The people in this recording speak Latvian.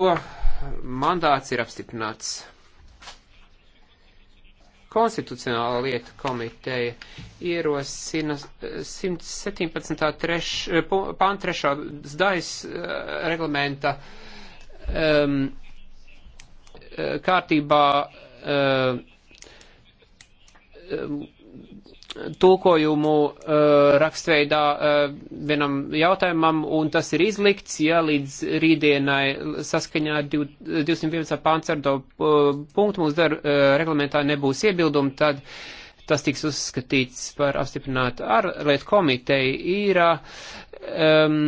To mandāts ir apstiprināts. Konstitucionāla lieta komiteja ierosina 117. pānt 3. daļas eh, reglamenta um, kārtībā um, tulkojumu uh, rakstveidā uh, vienam jautājumam, un tas ir izlikts, ja līdz rītdienai saskaņā 211. pāns ar to uh, eh, punktu mums dar uh, reglamentā nebūs iebildumi, tad tas tiks uzskatīts par apstiprinātu ārlietu komiteju. Ir, um,